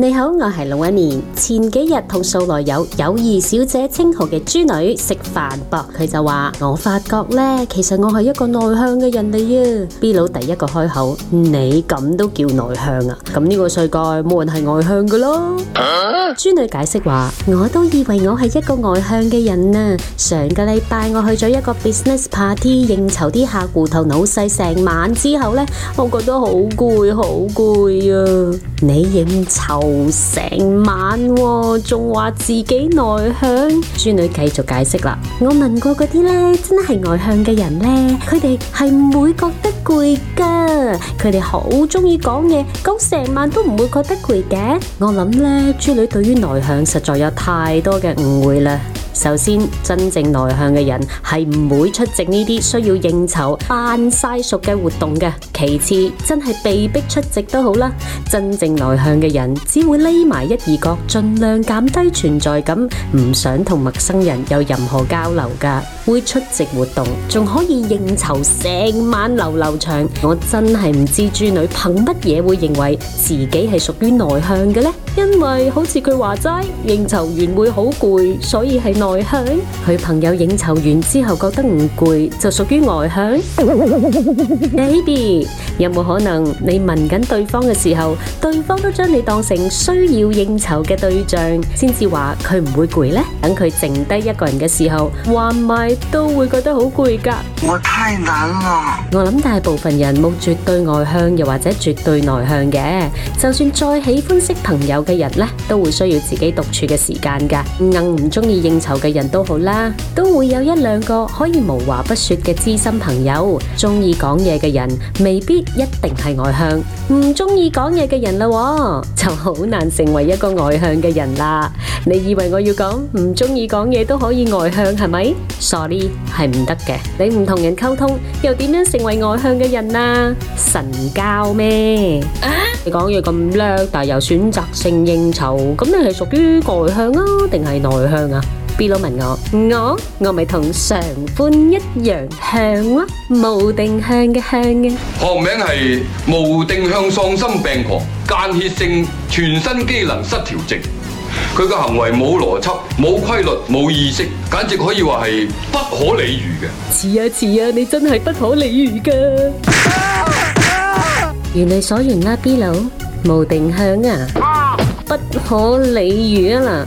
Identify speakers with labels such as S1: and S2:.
S1: 你好，我係龍紋敏。前幾日同素來有友誼小姐稱號嘅豬女食飯噃，佢就話：我發覺咧，其實我係一個內向嘅人嚟。B 佬第一個開口：你咁都叫內向啊？咁呢個世界冇人係外向㗎咯。豬、啊、女解釋話：我都以為我係一個外向嘅人啊。上個禮拜我去咗一個 business party 應酬啲客戶，頭腦細成晚之後呢，我覺得好攰好攰啊。你應酬？成晚仲話自己內向？豬女繼續解釋啦。我問過嗰啲呢，真係外向嘅人呢，佢哋係唔會覺得攰㗎，佢哋好中意講嘢，噉成晚都唔會覺得攰嘅。我諗呢，豬女對於內向實在有太多嘅誤會啦。首先，真正內向嘅人係唔會出席呢啲需要應酬、扮晒熟嘅活動嘅。其次，真係被逼出席都好啦。真正內向嘅人只會匿埋一隅角，盡量減低存在感，唔想同陌生人有任何交流噶。會出席活動，仲可以應酬成晚流流長。我真係唔知豬女憑乜嘢會認為自己係屬於內向嘅咧？因為好似佢話齋，應酬完會好攰，所以係內。外向，佢朋友應酬完之後覺得唔攰，就屬於外向。Baby，有冇可能你問緊對方嘅時候，對方都將你當成需要應酬嘅對象，先至話佢唔會攰呢？等佢剩低一個人嘅時候，話咪都會覺得好攰噶。我太難啦！我諗大部分人冇絕對外向又或者絕對內向嘅，就算再喜歡識朋友嘅人咧，都會需要自己獨處嘅時間噶。硬唔中意應酬。嘅人都好啦，都會有一兩個可以無話不說嘅知心朋友。中意講嘢嘅人未必一定係外向，唔中意講嘢嘅人啦、哦，就好難成為一個外向嘅人啦。你以為我要講唔中意講嘢都可以外向係咪？Sorry，係唔得嘅。你唔同人溝通，又點樣成為外向嘅人啊？神交咩？啊、你講嘢咁叻，但又選擇性應酬，咁你係屬於外向啊，定係內向啊？B 佬問我，我我咪同常歡一樣向咯，無定向嘅向嘅。學名係無定向喪心病狂間歇性全身機能失調症，佢個行為冇邏輯、冇規律、冇意識，簡直可以話係不可理喻嘅。似啊似啊，你真係不可理喻噶！原來所言阿 B 佬無定向啊，不可理喻啊啦！